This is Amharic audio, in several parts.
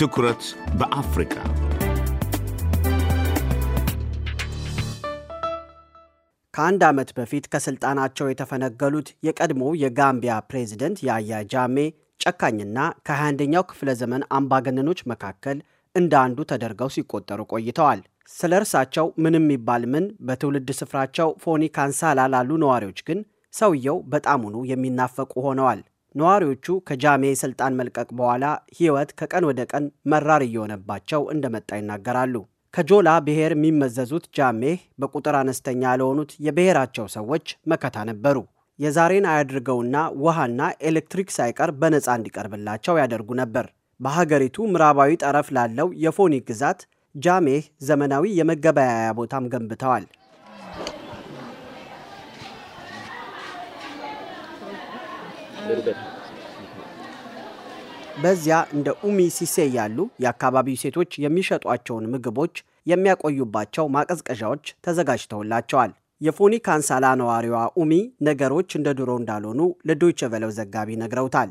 ትኩረት በአፍሪካ ከአንድ ዓመት በፊት ከሥልጣናቸው የተፈነገሉት የቀድሞው የጋምቢያ ፕሬዚደንት ያያ ጃሜ ጨካኝና ከ21ኛው ክፍለ ዘመን አምባገነኖች መካከል እንደ አንዱ ተደርገው ሲቆጠሩ ቆይተዋል። ስለ እርሳቸው ምንም ይባል ምን በትውልድ ስፍራቸው ፎኒ ካንሳላ ላሉ ነዋሪዎች ግን ሰውየው በጣም ሁኑ የሚናፈቁ ሆነዋል። ነዋሪዎቹ ከጃሜ ስልጣን መልቀቅ በኋላ ሕይወት ከቀን ወደ ቀን መራር እየሆነባቸው እንደመጣ ይናገራሉ። ከጆላ ብሔር የሚመዘዙት ጃሜ በቁጥር አነስተኛ ለሆኑት የብሔራቸው ሰዎች መከታ ነበሩ። የዛሬን አያድርገውና ውሃና ኤሌክትሪክ ሳይቀር በነፃ እንዲቀርብላቸው ያደርጉ ነበር። በሀገሪቱ ምዕራባዊ ጠረፍ ላለው የፎኒ ግዛት ጃሜህ ዘመናዊ የመገበያያ ቦታም ገንብተዋል። በዚያ እንደ ኡሚ ሲሴ ያሉ የአካባቢው ሴቶች የሚሸጧቸውን ምግቦች የሚያቆዩባቸው ማቀዝቀዣዎች ተዘጋጅተውላቸዋል። የፎኒ ካንሳላ ነዋሪዋ ኡሚ ነገሮች እንደ ድሮ እንዳልሆኑ ለዶይቸ ቬለው ዘጋቢ ነግረውታል።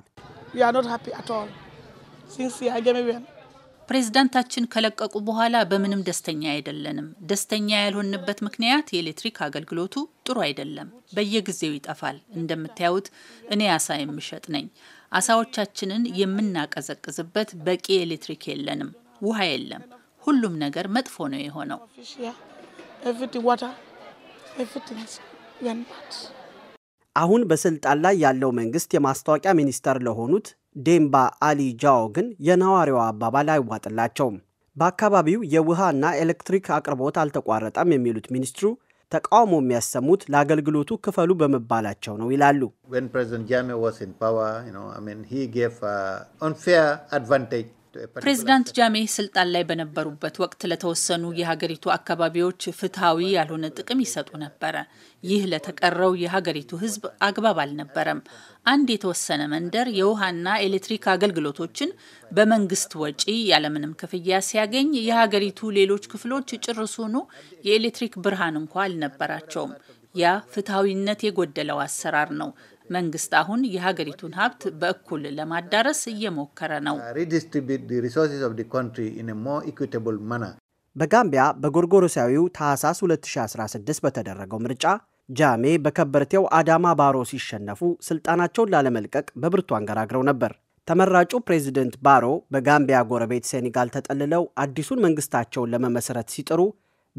ፕሬዝዳንታችን ከለቀቁ በኋላ በምንም ደስተኛ አይደለንም። ደስተኛ ያልሆንበት ምክንያት የኤሌክትሪክ አገልግሎቱ ጥሩ አይደለም፣ በየጊዜው ይጠፋል። እንደምታዩት እኔ አሳ የምሸጥ ነኝ። አሳዎቻችንን የምናቀዘቅዝበት በቂ ኤሌክትሪክ የለንም፣ ውሃ የለም። ሁሉም ነገር መጥፎ ነው የሆነው። አሁን በስልጣን ላይ ያለው መንግስት የማስታወቂያ ሚኒስተር ለሆኑት ዴምባ አሊ ጃኦ ግን የነዋሪዋ አባባል አይዋጥላቸውም። በአካባቢው የውሃና ኤሌክትሪክ አቅርቦት አልተቋረጠም የሚሉት ሚኒስትሩ ተቃውሞ የሚያሰሙት ለአገልግሎቱ ክፈሉ በመባላቸው ነው ይላሉ። ፕሬዚደንት ጃሜ ዋስ ኢን ፓወር ፕሬዚዳንት ጃሜ ስልጣን ላይ በነበሩበት ወቅት ለተወሰኑ የሀገሪቱ አካባቢዎች ፍትሐዊ ያልሆነ ጥቅም ይሰጡ ነበረ። ይህ ለተቀረው የሀገሪቱ ሕዝብ አግባብ አልነበረም። አንድ የተወሰነ መንደር የውሃና ኤሌክትሪክ አገልግሎቶችን በመንግስት ወጪ ያለምንም ክፍያ ሲያገኝ፣ የሀገሪቱ ሌሎች ክፍሎች ጭርሱኑ የኤሌክትሪክ ብርሃን እንኳ አልነበራቸውም። ያ ፍትሐዊነት የጎደለው አሰራር ነው። መንግስት አሁን የሀገሪቱን ሀብት በእኩል ለማዳረስ እየሞከረ ነው። በጋምቢያ በጎርጎሮሳዊው ታህሳስ 2016 በተደረገው ምርጫ ጃሜ በከበርቴው አዳማ ባሮ ሲሸነፉ ስልጣናቸውን ላለመልቀቅ በብርቱ አንገራግረው ነበር። ተመራጩ ፕሬዚደንት ባሮ በጋምቢያ ጎረቤት ሴኔጋል ተጠልለው አዲሱን መንግስታቸውን ለመመስረት ሲጥሩ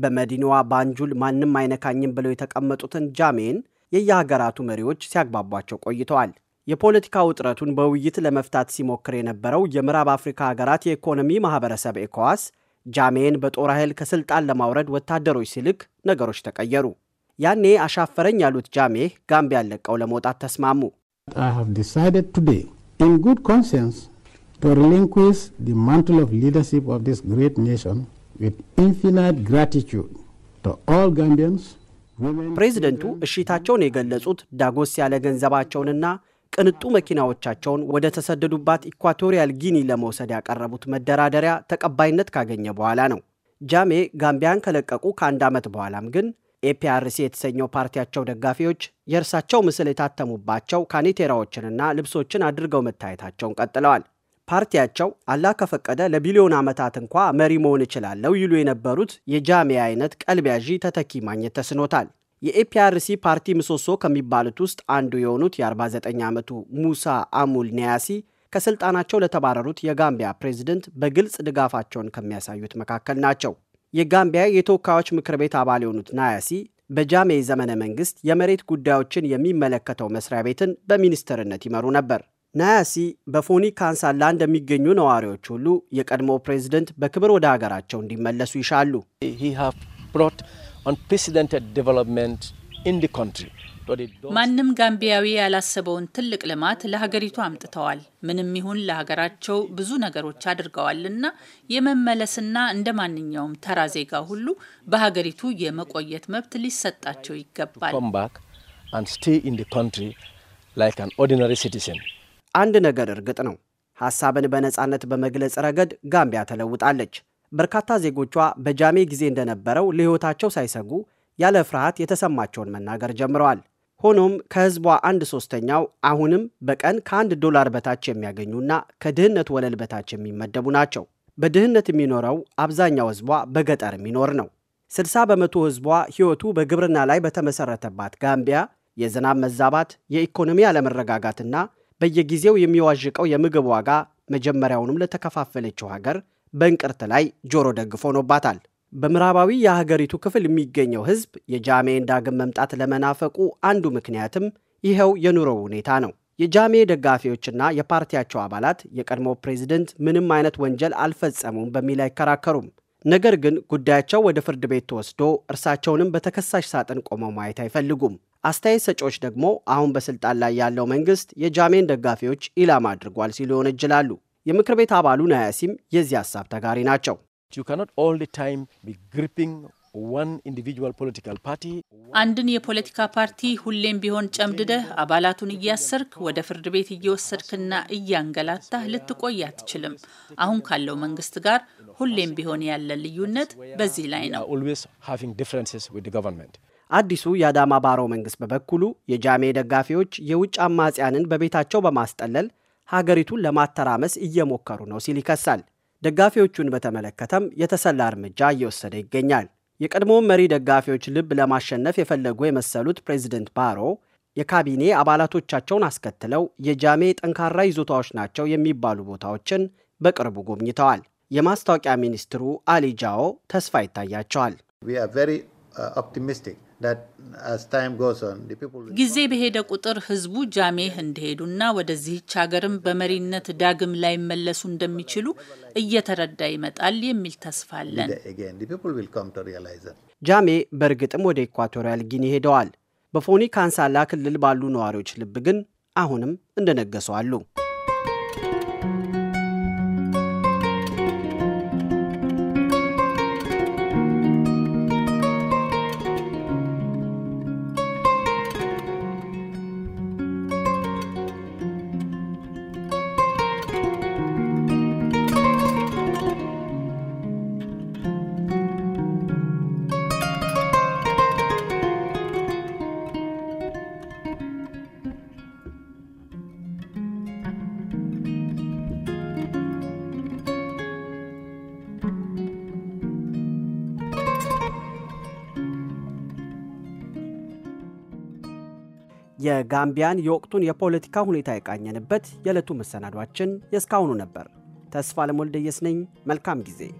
በመዲናዋ ባንጁል ማንም አይነካኝም ብለው የተቀመጡትን ጃሜን የየሀገራቱ መሪዎች ሲያግባቧቸው ቆይተዋል። የፖለቲካ ውጥረቱን በውይይት ለመፍታት ሲሞክር የነበረው የምዕራብ አፍሪካ ሀገራት የኢኮኖሚ ማህበረሰብ ኤኮዋስ ጃሜን በጦር ኃይል ከስልጣን ለማውረድ ወታደሮች ሲልክ ነገሮች ተቀየሩ። ያኔ አሻፈረኝ ያሉት ጃሜ ጋምቢያን ለቀው ለመውጣት ተስማሙ። ፕሬዝደንቱ እሽታቸውን የገለጹት ዳጎስ ያለ ገንዘባቸውንና ቅንጡ መኪናዎቻቸውን ወደ ተሰደዱባት ኢኳቶሪያል ጊኒ ለመውሰድ ያቀረቡት መደራደሪያ ተቀባይነት ካገኘ በኋላ ነው። ጃሜ ጋምቢያን ከለቀቁ ከአንድ ዓመት በኋላም ግን ኤፒአርሲ የተሰኘው ፓርቲያቸው ደጋፊዎች የእርሳቸው ምስል የታተሙባቸው ካኔቴራዎችንና ልብሶችን አድርገው መታየታቸውን ቀጥለዋል። ፓርቲያቸው አላህ ከፈቀደ ለቢሊዮን ዓመታት እንኳ መሪ መሆን እችላለሁ ይሉ የነበሩት የጃሜ አይነት ቀልብ ያዢ ተተኪ ማግኘት ተስኖታል። የኤፒአርሲ ፓርቲ ምሰሶ ከሚባሉት ውስጥ አንዱ የሆኑት የ49 ዓመቱ ሙሳ አሙል ኒያሲ ከስልጣናቸው ለተባረሩት የጋምቢያ ፕሬዝደንት በግልጽ ድጋፋቸውን ከሚያሳዩት መካከል ናቸው። የጋምቢያ የተወካዮች ምክር ቤት አባል የሆኑት ናያሲ በጃሜ ዘመነ መንግስት የመሬት ጉዳዮችን የሚመለከተው መስሪያ ቤትን በሚኒስትርነት ይመሩ ነበር። ናያሲ በፎኒ ካንሳላ እንደሚገኙ ነዋሪዎች ሁሉ የቀድሞ ፕሬዝደንት በክብር ወደ ሀገራቸው እንዲመለሱ ይሻሉ። ማንም ጋምቢያዊ ያላሰበውን ትልቅ ልማት ለሀገሪቱ አምጥተዋል። ምንም ይሁን ለሀገራቸው ብዙ ነገሮች አድርገዋልና የመመለስና እንደ ማንኛውም ተራ ዜጋ ሁሉ በሀገሪቱ የመቆየት መብት ሊሰጣቸው ይገባል። አንድ ነገር እርግጥ ነው፣ ሐሳብን በነፃነት በመግለጽ ረገድ ጋምቢያ ተለውጣለች። በርካታ ዜጎቿ በጃሜ ጊዜ እንደነበረው ለሕይወታቸው ሳይሰጉ ያለ ፍርሃት የተሰማቸውን መናገር ጀምረዋል። ሆኖም ከሕዝቧ አንድ ሶስተኛው አሁንም በቀን ከአንድ ዶላር በታች የሚያገኙና ከድህነት ወለል በታች የሚመደቡ ናቸው። በድህነት የሚኖረው አብዛኛው ሕዝቧ በገጠር የሚኖር ነው። 60 በመቶ ሕዝቧ ሕይወቱ በግብርና ላይ በተመሠረተባት ጋምቢያ የዝናብ መዛባት፣ የኢኮኖሚ አለመረጋጋትና በየጊዜው የሚዋዥቀው የምግብ ዋጋ መጀመሪያውንም ለተከፋፈለችው ሀገር በእንቅርት ላይ ጆሮ ደግፎ ሆኖባታል። በምዕራባዊ የሀገሪቱ ክፍል የሚገኘው ህዝብ የጃሜን ዳግም መምጣት ለመናፈቁ አንዱ ምክንያትም ይኸው የኑሮ ሁኔታ ነው። የጃሜ ደጋፊዎችና የፓርቲያቸው አባላት የቀድሞ ፕሬዝደንት ምንም አይነት ወንጀል አልፈጸሙም በሚል አይከራከሩም። ነገር ግን ጉዳያቸው ወደ ፍርድ ቤት ተወስዶ እርሳቸውንም በተከሳሽ ሳጥን ቆመው ማየት አይፈልጉም። አስተያየት ሰጪዎች ደግሞ አሁን በስልጣን ላይ ያለው መንግስት የጃሜን ደጋፊዎች ኢላማ አድርጓል ሲሉ ይወነጅላሉ። የምክር ቤት አባሉ ናያሲም የዚህ ሀሳብ ተጋሪ ናቸው። አንድን የፖለቲካ ፓርቲ ሁሌም ቢሆን ጨምድደህ አባላቱን እያሰርክ ወደ ፍርድ ቤት እየወሰድክና እያንገላታህ ልትቆይ አትችልም። አሁን ካለው መንግስት ጋር ሁሌም ቢሆን ያለ ልዩነት በዚህ ላይ ነው። አዲሱ የአዳማ ባሮ መንግሥት በበኩሉ የጃሜ ደጋፊዎች የውጭ አማጽያንን በቤታቸው በማስጠለል ሀገሪቱን ለማተራመስ እየሞከሩ ነው ሲል ይከሳል። ደጋፊዎቹን በተመለከተም የተሰላ እርምጃ እየወሰደ ይገኛል። የቀድሞውን መሪ ደጋፊዎች ልብ ለማሸነፍ የፈለጉ የመሰሉት ፕሬዚደንት ባሮ የካቢኔ አባላቶቻቸውን አስከትለው የጃሜ ጠንካራ ይዞታዎች ናቸው የሚባሉ ቦታዎችን በቅርቡ ጎብኝተዋል። የማስታወቂያ ሚኒስትሩ አሊ ጃኦ ተስፋ ይታያቸዋል። ጊዜ በሄደ ቁጥር ህዝቡ ጃሜህ እንደሄዱና ወደዚህች ሀገርም በመሪነት ዳግም ላይመለሱ እንደሚችሉ እየተረዳ ይመጣል የሚል ተስፋ አለን። ጃሜ በእርግጥም ወደ ኢኳቶሪያል ጊኒ ሄደዋል። በፎኒ ካንሳላ ክልል ባሉ ነዋሪዎች ልብ ግን አሁንም እንደነገሱ አሉ። የጋምቢያን የወቅቱን የፖለቲካ ሁኔታ የቃኘንበት የዕለቱ መሰናዷችን የእስካሁኑ ነበር። ተስፋ ለሞልደየስ ነኝ። መልካም ጊዜ